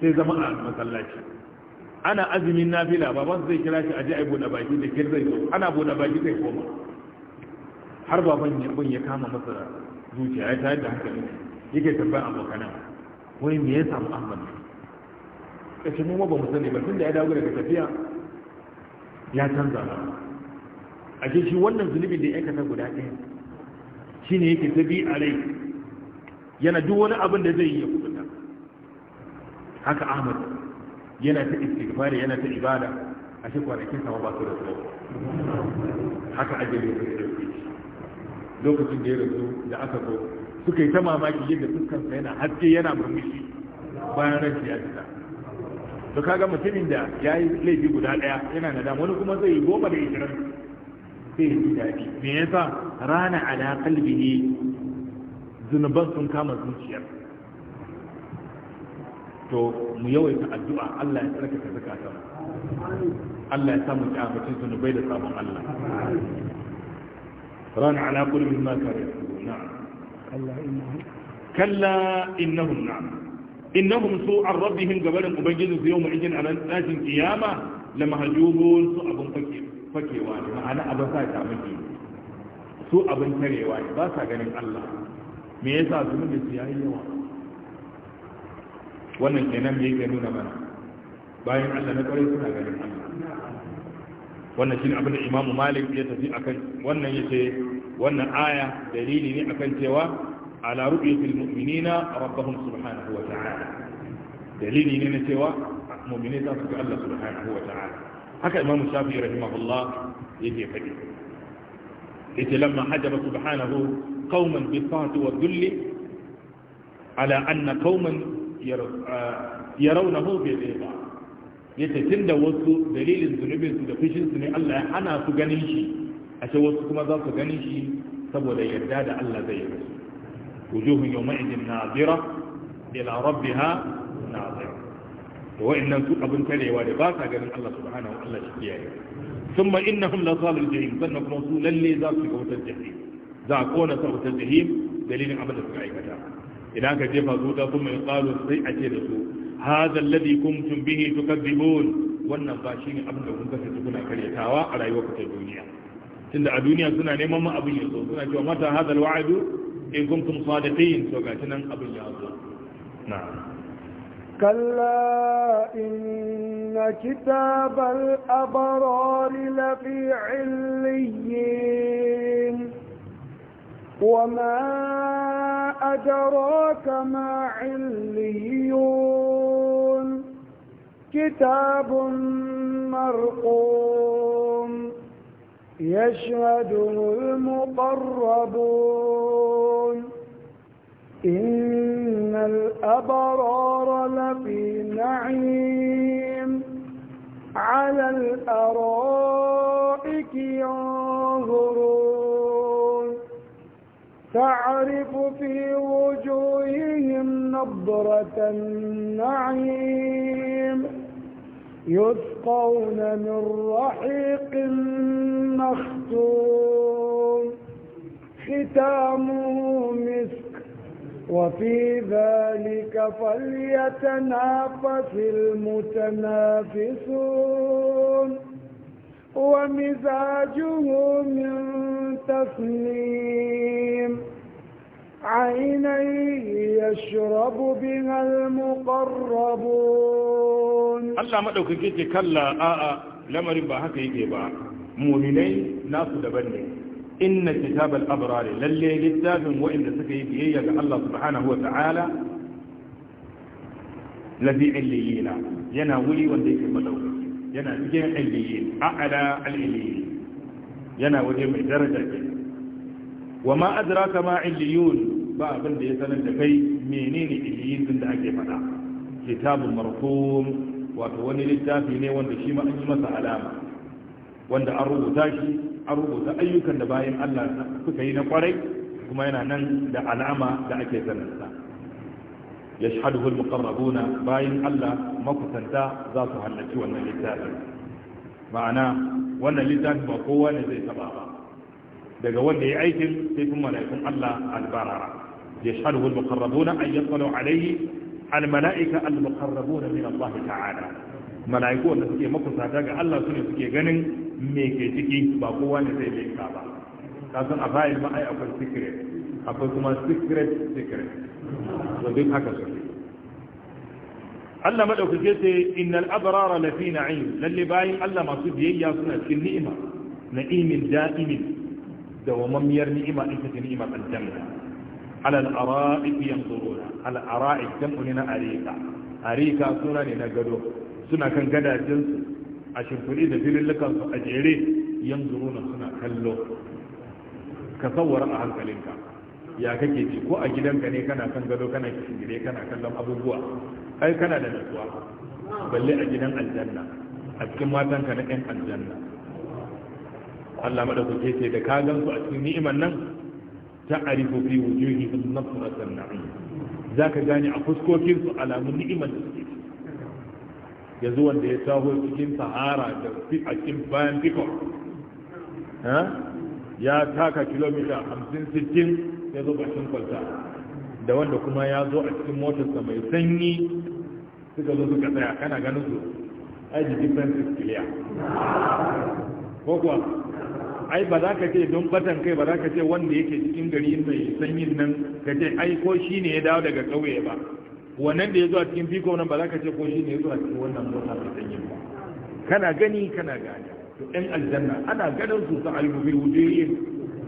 sai zama a masallaci ana azumin nafila baban zai kira shi aje ai bude baki da kirzai zo ana bude baki zai koma har ba ban ya kama masa zuciya ya tayar da hankali yake tambayar abokanan wani me ya samu ahmad ka ce mu ba mu sani ba tunda ya dawo daga tafiya ya canza a ce shi wannan zunubin da ya kasa guda ɗaya shi ne yake a rai yana duk wani abin da zai yi ya kubuta haka ahmad yana ta istighfari yana ta ibada a shi kwanakin sama ba su da tsawo haka ajiyar lokacin da ya rasu da aka zo suka yi ta mamaki yadda fuskansa yana haske yana murmushi bayan rashi ya fita to kaga mutumin da ya yi laifi guda ɗaya yana nada wani kuma zai yi goma da ishirin sai yi daɗi me yasa rana ala ne zunuban sun kama zuciyar to mu yawaita addu'a Allah ya tsarkake zakatan Allah ya samu ta mutum zunubai da sabon Allah ran ala kulli mimma kanu na'am kalla innahum kalla innahum na'am innahum su'ar rabbihim gabarin ubangijin su yawma idin anan tashin kiyama lamahjubun su abun fake ne ma'ana abun sa ta miki su abun tarewa ne ba sa ganin Allah me yasa su mun da yayi yawa wannan kenan me yake nuna mana bayan Allah na kare suna ganin Allah wannan shine abin da imamu malik ya tafi akan wannan ya yace wannan aya dalili ne akan cewa ala ru'yatil mu'minina rabbuhum subhanahu wa ta'ala dalili ne na cewa mu'mini za su ga Allah subhanahu wa ta'ala haka imamu shafi'i rahimahullah yake faɗi yace lamma hajaba subhanahu qauman bi fatu wa dhulli ala anna qauman yarawnahu bi dhilli yace da wasu dalilin zunubin su da fushin su ne Allah ya hana su ganin shi ashe wasu kuma za su ganin shi saboda yarda da Allah zai yi su. wujuhun yawma idin nazira ila rabbiha nazira to wa'annan su abin tarewa da ba sa ganin Allah subhanahu wa ta'ala shi kiyaye thumma innahum la salul jahim sannan kuma su lalle za su ga wutar jahim za a kona sa wutar jahim dalilin abin da suka aikata idan ka jefa zuwa kuma mai tsalo sai a ce da su هذا الذي كنتم به تكذبون والنباشين أبدا هم كثير تكون أكريتاوى على وقت الدنيا تند الدنيا سنة نيمة ما أبن يصول سنة ومتى هذا الوعد إن كنتم صادقين سوكا تنا أبن يصول نعم كلا إن كتاب الأبرار لفي عليين وما أدراك ما عليون كتاب مرقوم يشهده المقربون إن الأبرار لفي نعيم على الأرائك ينظرون تعرف في وجوههم نظرة النعيم يسقون من رحيق مختوم ختامه مسك وفي ذلك فليتنافس المتنافسون ومزاجه من تسليم عيني يشرب بها المقربون الله مدوك يجي كلا آآ لما با هكا يجي با مؤمنين ناس دبني إن كتاب الأبرار للي للتاب وإن سكي بيه الله سبحانه وتعالى الذي عليين ينا ولي وليك مدوك ينا وجه عليين أعلى العليين ينا وجه درجة وما أدراك ما عليون ba abin da ya sanar da kai menene iliyizin da ake faɗa kitabun marhum wato wani littafi ne wanda shi ma an yi masa alama wanda an rubuta shi an rubuta ayyukan da bayan Allah suka yi na kwarai kuma yana nan da alama da ake sanarsa ya shahaduhul muqarrabuna bayan Allah makusanta za su halarci wannan littafin ma'ana wannan littafin ba kowa ne zai taba ba daga wanda ya aikin sai kuma laifin Allah albarara يشهده المقربون أن يطلعوا عليه الملائكة المقربون من الله تعالى mala'iku wanda suke makusata ga Allah su suke ganin me ke ciki ba kowa ne zai leka ba ka san a bayan ma ai akwai secret akwai kuma secret secret to duk haka su Allah madaukake ce innal abrara lafi na'im lalle bayin Allah masu biyayya suna cikin ni'ima na'imin da'imin da ni'ima ita ce على الأرائك ينظرون على الأرائك جمعنا أريكا أريكا سنة نقدو سنة كان قد أجلس عشان فريد في لك أجعلي ينظرون سنة كله كصور أهل كلمك ya kake ci ko a gidanka ne kana kan gado kana kishin gire kana kallon abubuwa ai kana da nutsuwa balle a gidan aljanna a cikin matanka na ɗan aljanna Allah maɗaukake ce da ka gan su a cikin ni'imar nan تعرف في وجوههم نظرة النعيم ذاك جاني أفسكوكين فعلام النعمة yanzu wanda ya taho cikin sahara da a cikin ya taka kilomita 50-60 ya zo bashin kwalta da wanda kuma ya zo a cikin motarsa mai sanyi suka zo suka tsaya kana ganin su aji difference is clear ko kuwa ai ba za ka ce don batan kai ba za ka ce wanda yake cikin gari mai sanyin nan ka ce ai ko shi ne ya dawo daga kauye ba wannan da ya zuwa cikin fiko nan ba za ka ce ko shi ne ya zuwa cikin wannan mota mai sanyin ba kana gani kana gani to ɗan aljanna ana ganin su ta albubi wujuhin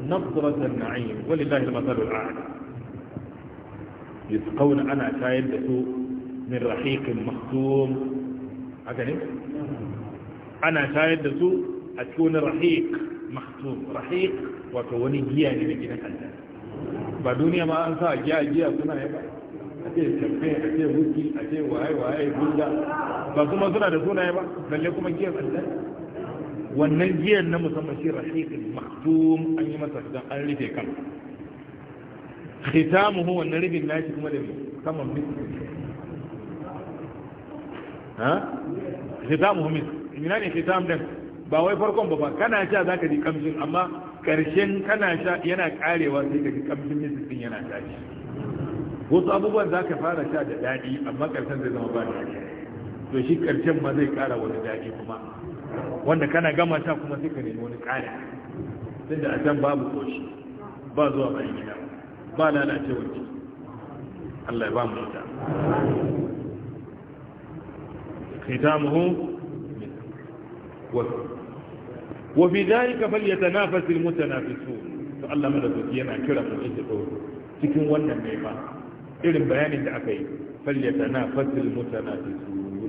nafsaratan na'im walillahi al-masalul a'la yusqawna ana tayar da su min rahiqin mahtum haka ne ana tayar da su a cikin rahiq to rahiq wato wani giya ne na gidan aljanna ba duniya ma an sa giya giya suna yi ba a ce a ce a ce waye waye gunda ba kuma suna da sunaye ba lalle kuma giyar aljanna wannan giyar na musamman shi rahiq maktum an yi masa dan an rufe kan khitamuhu wannan rufin nashi kuma da kaman miski ha khitamuhu miski ina ne khitam din ba wai farkon ba kana sha za ka ji kamshin amma karshen kana sha yana karewa sai ka ji kamshin misis yana tashi wasu abubuwan za ka fara sha da daɗi amma karshen zai zama ba daɗi to shi karshen ma zai kara wani daɗi kuma wanda kana gama sha kuma sai ka nemi wani ƙara tunda a can babu koshi ba zuwa bayan gida ba lalacewar ciki Allah ya ba mu ita muhu وكل wa fi dhalika falyatanafasil mutanafisun to Allah madaukaki yana kira mu ita tsoro cikin wannan mai ba irin bayanin da aka yi falyatanafasil mutanafisun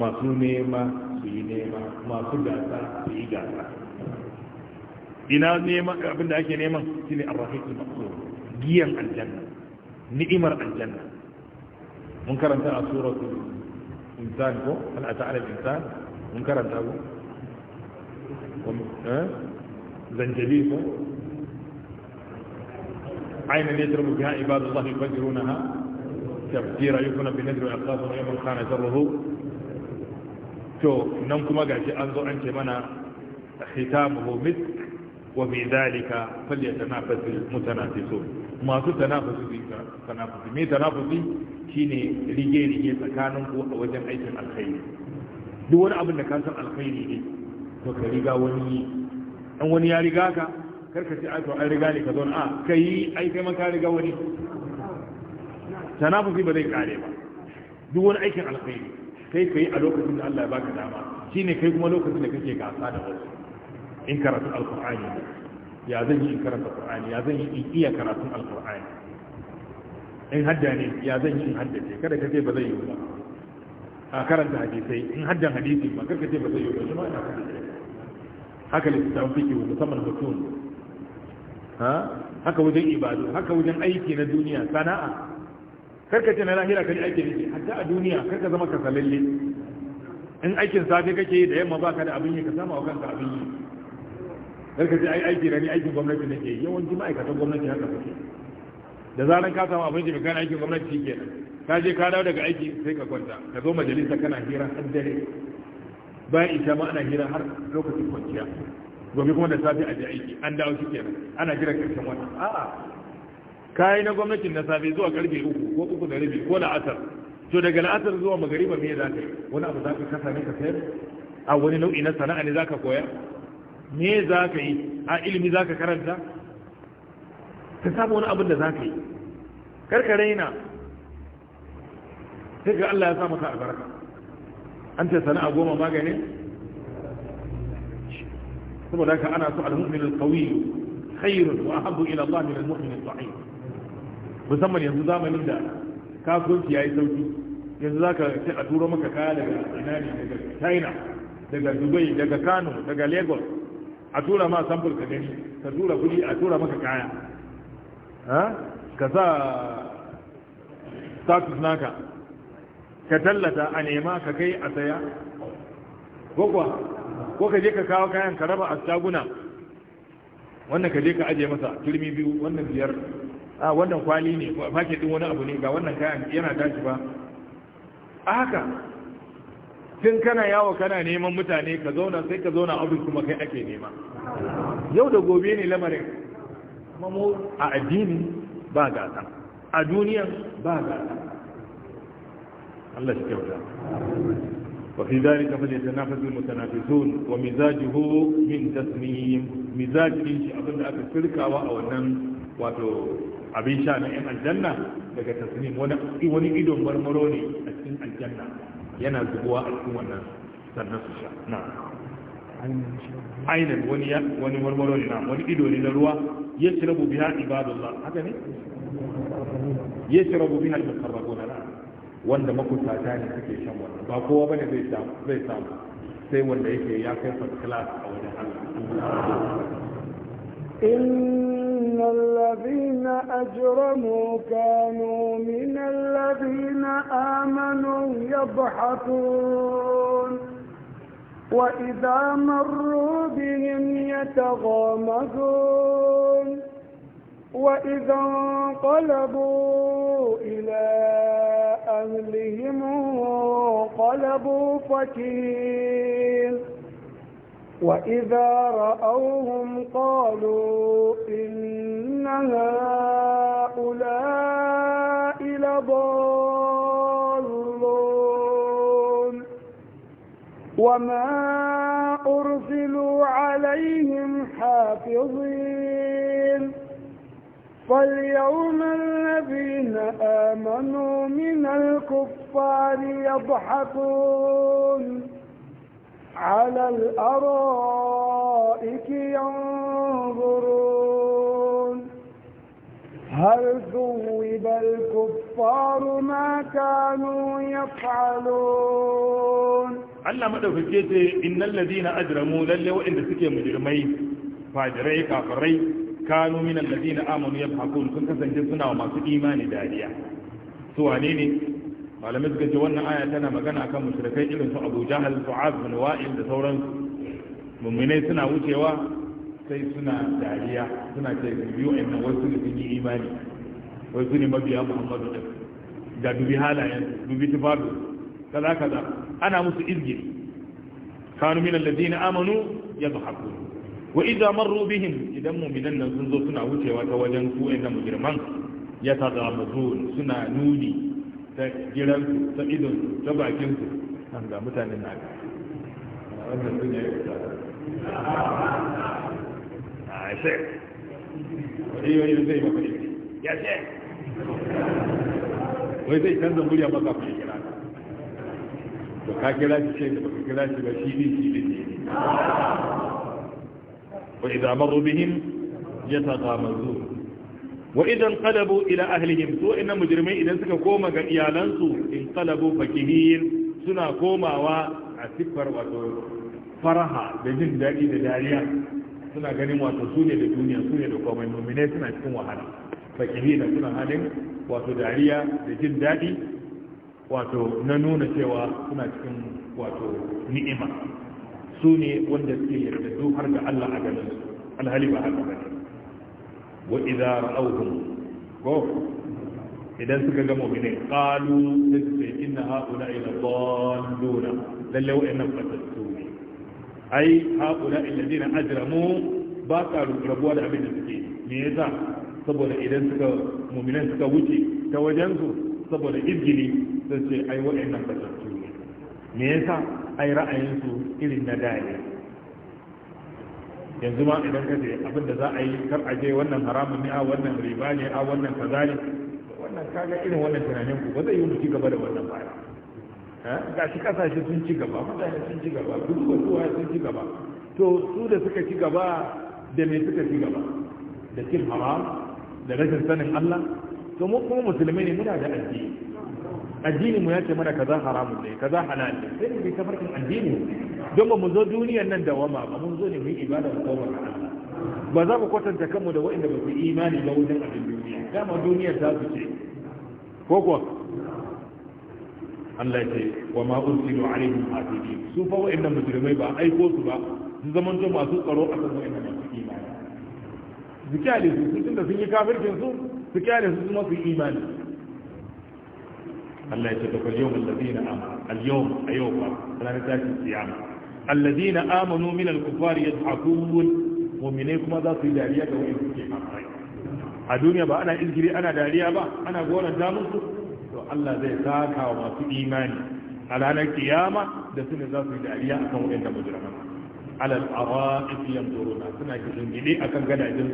masu nema su yi nema masu gasa su yi gasa ina nema abin da ake neman shine arrahiqul maqsur giyan aljanna ni'imar aljanna mun karanta a suratul insan ko hal ata al insan mun karanta ko Eh? zanjabi ko aina ne tarbu biha ibadullahi yufajirunaha tafsira yukuna bi nadri aqsasu wa yaman kana sarruhu to nan kuma gashi an zo an ce mana khitamuhu misk wa bi dhalika falyatanafasu mutanafisun masu tanafusi tanafusi me tanafusi shine rige rige tsakanin ku a wajen aikin alkhairi duk wani abin da ka san alkhairi ne to ka riga wani yi Ɗan wani ya riga ka karka ce to an riga ne ka zo a ah, ka yi aiki kai man ka riga wani tanafusi ba zai kare ba duk wani aikin alkhairi kai ka yi a lokacin da Allah ya baka dama shine kai kuma lokacin da kake gasa da wasu in karatu alkur'ani ya zan yi in karanta qur'ani ya zan yi in iya karatun alkur'ani in hadda ne ya zan yi in haddace kada ka ce ba zai yi ba a karanta hadisai in haddan hadisi ba ka ce ba zai yi ba shi ma ina karanta haka littattafan fikihu musamman mutum haka wajen ibadu haka wajen aiki na duniya sana'a karka ce na lahira kan aiki ne hatta a duniya karka zama salalle in aikin safe kake yi da yamma baka da abin yi ka sama wa kanka abin yi karka ce ai aiki aiki ni aikin gwamnati nake yi yawanci ma'aikatan gwamnati haka suke da zaran ka samu abin ka kana aikin gwamnati ke ka je ka dawo daga aiki sai ka kwanta ka zo majalisa kana hira har dare bayan isha ma ana hira har lokacin kwanciya gobe kuma da safe a ji aiki an dawo shi kenan ana jiran karshen wata a'a kayi na gwamnatin na safe zuwa karfe uku ko uku da rabi ko la'asar to daga la'asar zuwa magariba me za ka yi wani abu za ka kasa ne ka sayar a wani nau'i na sana'a ne za ka koya me za ka yi a ilimi za ka karanta ka samu wani abin da za ka yi karka raina sai ga Allah ya sa maka albarka an ce sana'a goma magani saboda ka ana so al-mu'min al-qawi khairun wa ahabbu ila Allah min al-mu'min al-da'if musamman yanzu zamanin da kasuwanci yayi sauki yanzu zaka ce a turo maka kaya daga inani daga China daga Dubai daga Kano daga Lagos a tura ma sample ka gani ka tura kudi a tura maka kaya ha ka sa status naka ka tallata a nema ka kai a saya gwagwa ko ka je ka kawo kayan ka raba a shaguna wannan ka je ka aje masa turmi biyu wannan biyar a wannan kwali ne faket din wani abu ne ga wannan kayan yana tashi ba a haka tun kana yawo kana neman mutane ka zauna sai ka zauna abin kuma kai ake nema yau da gobe ne lamarin mu a addini ba gasa a duniya ba gasa Allah shi kyauta fi وفي ذلك فليتنافس المتنافسون ومزاجه من تسليم مزاج din shi abinda aka firkawa a wannan wato abin sha na yan aljanna daga tasnim wani wani idon marmaro ne a cikin aljanna yana zubuwa a cikin wannan sannan su sha na ainihin wani ya wani marmaro ne na wani ido ne na ruwa ya shirabu biha ibadullah haka ne ya shirabu biha al-muqarrabun wanda makusata ne suke shan wannan ba kowa bane zai samu zai samu sai wanda yake ya kai first class a wajen Allah إن الذين أجرموا كانوا من الذين آمنوا يضحكون وإذا مروا بهم يتغامزون وإذا انقلبوا إلى أهلهم انقلبوا فكين وإذا رأوهم قالوا إن هؤلاء لضالون وما أرسلوا عليهم حافظين فاليوم الذين آمنوا من الكفار يضحكون على الأرائك ينظرون هل ذوب الكفار ما كانوا يفعلون ألا مدى في إن الذين أجرموا للي وإن سكي مجرمين فاجريك أفريك kanu min alladina amanu yabhaqun sun kasance suna wa masu imani dariya su wane ne malamai suka ce wannan aya tana magana kan mushrikai irin su Abu Jahal Su'ad bin Wa'il da sauransu mu'minai suna wucewa sai suna dariya suna ce biyu inna wasu ne sun yi imani wasu ne mabiya Muhammadu din da dubi halayen dubi tufafi kaza kaza ana musu izgiri kanu min alladina amanu yadhaqun wa idza marru bihim idan mu'minan nan sun zo suna wucewa ta wajen su inda mujriman ya tazamuzun suna nuni ta giran ta idon ta bakin su an ga mutanen na ga wannan sun yayi wuta a shek wani yoyi zai maka shi ya shek wai zai canza murya maka ku kira to ka kira shi ce da baka kira shi ba shi ne shi ne وإذا مروا بهم يتغامزون وإذا انقلبوا إلى أهلهم سوء إن مجرمين إذا سكا كوما إيالانسوا انقلبوا فكهين سنا كوما وعسفر فرحة بجن داقي داريا suna ganin wato su da duniya su da komai nominai suna cikin wahala fakihi suna halin wato dariya da jin daɗi wato na nuna cewa suna cikin wato ni'ima su ne wanda suke yardadu har da Allah a ganin su alhali ba haka bane wa idza ra'awhum go idan suka ga mu'mini qalu sai inna haula ila dalluna lalle wa'annan fatattu ne ai haula alladina ajramu ba ka rabuwa da abin da suke me yasa saboda idan suka mu'minan suka wuce ta wajen su saboda izgili sai ce ai wa'annan fatattu ne me yasa ai ra'ayinsu irin na daya yanzu ma idan ka je abin da za a yi kar a je wannan haramun ne a wannan riba ne a wannan kaza ne wannan kaga irin wannan tunanin ku ba zai yi mu ci gaba da wannan baya eh, ga shi kasashe sun ci gaba mutane sun ci gaba duk wasuwa sun ci gaba to su da suka ci gaba da me suka ci gaba da cin haram da rashin sanin Allah to mu kuma musulmai ne muna da addini addini mu ce mana kaza haramun ne kaza halal ne sai mu ta farkin addini don ba mu zo duniyar nan da wama ba mun zo ne mu yi ibada mu koma ga Allah ba za mu kwatanta kanmu da waɗanda ba su imani ba wajen abin duniya dama duniyar ta su ce ko kuwa Allah ya ce wa ma ursilu alaihim hasibin su fa wa'annan mujrimai ba aiko su ba su zaman to masu tsaro a kan wa'annan masu imani su kyale su tunda sun yi kafircin su su kyale su kuma su imani Allah ya ce ta kwal yawon lalazina amanu al a yau ba ranar tashin kiyama allazina amanu min al-kufar yadhakun mu'minai kuma za su yi dariya ga wani suke amfani a duniya ba ana izgiri ana dariya ba ana goran damun su to Allah zai saka wa masu imani a ranar kiyama da su ne za su yi dariya akan waɗanda mujriman alal ara'if yanzuruna suna kishin gidi akan gadajen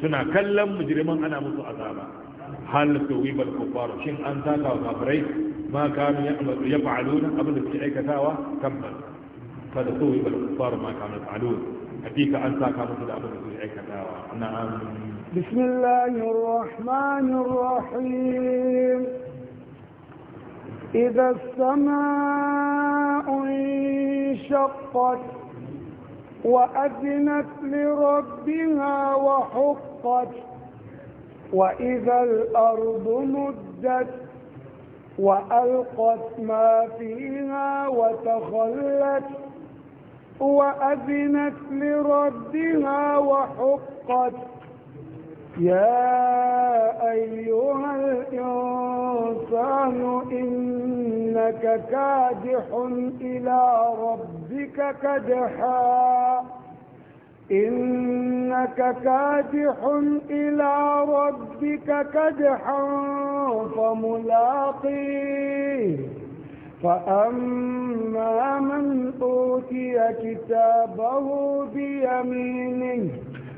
suna kallon mujriman ana musu azaba hal tuwiba al-kuffar shin an saka wa kafirai ma kanu yaf'aluna abin da suke aikatawa tabbas kada tuwiba al-kuffar ma kanu yaf'alun hakika an saka musu da abin da suke aikatawa na'am بسم الله الرحمن الرحيم إذا السماء انشقت وأذنت لربها وحقت وإذا الأرض مدت وألقت ما فيها وتخلت وأذنت لربها وحقت يا أيها الإنسان إنك كادح إلى ربك كدحا إنك كادح إلى ربك كدحا فملاقيه فأما من أوتي كتابه بيمينه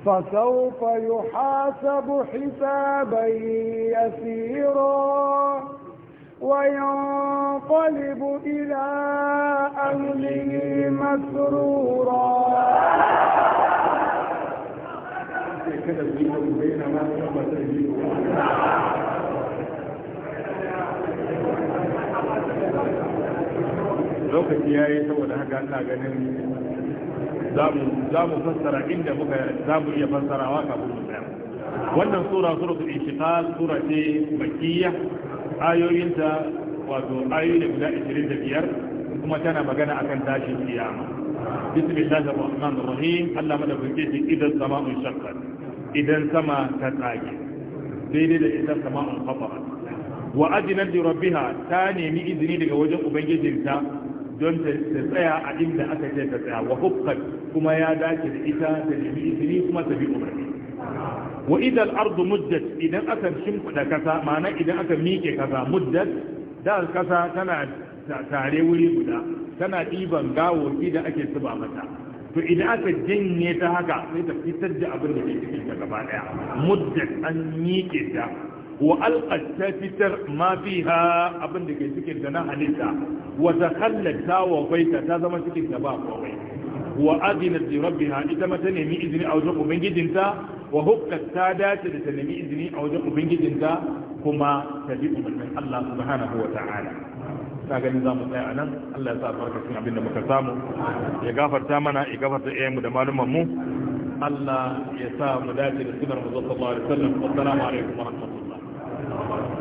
فسوف يحاسب حسابا يسيرا وينقلب إلى أهله مسرورا lokaci ya yi saboda haka ana ganin za mu fassara inda muka za mu iya fassarawa kafin mu tsaya wannan sura sura su inshiqal sura ce makiyya ayoyinta wato ayoyi da guda 25 kuma tana magana akan tashin kiyama bismillahir rahmanir rahim Allah madaukake shi idan sama sama'un shaqqat idan sama ta tsage daidai da idan sama'un kafa. wa ajnat li rabbiha ta nemi izini daga wajen ubangijinta don ta tsaya a inda aka ce ta tsaya wa hukkat kuma ya dace da ita ta nemi izini kuma ta bi umarni wa idan ardu muddat idan aka shimfida kasa ma'ana idan aka miƙe kasa muddat da kasa tana tare wuri guda tana ɗiban gawo da ake zuba mata to idan aka janye ta haka sai ta fitar da abin da ke cikin ta gaba ɗaya muddat an miƙe ta wa alqat ta fitar ma fiha abin da ke cikin ta na halitta wa takhallat ta wa baita ta zama cikin ta ba kowai wa adinat li rabbiha ita ma ta nemi izini a wajen ubangijinta wa hukkar ta dace da ta nemi izini a wajen ta kuma ta bi umarnin Allah subhanahu wa ta'ala ta ganin za mu tsaya a nan Allah ya sa cikin abin da muka samu ya gafarta mana ya gafarta mu da malumman mu Allah ya sa mu dace da sunar mu sallallahu alaihi wasallam assalamu alaikum wa barakatuh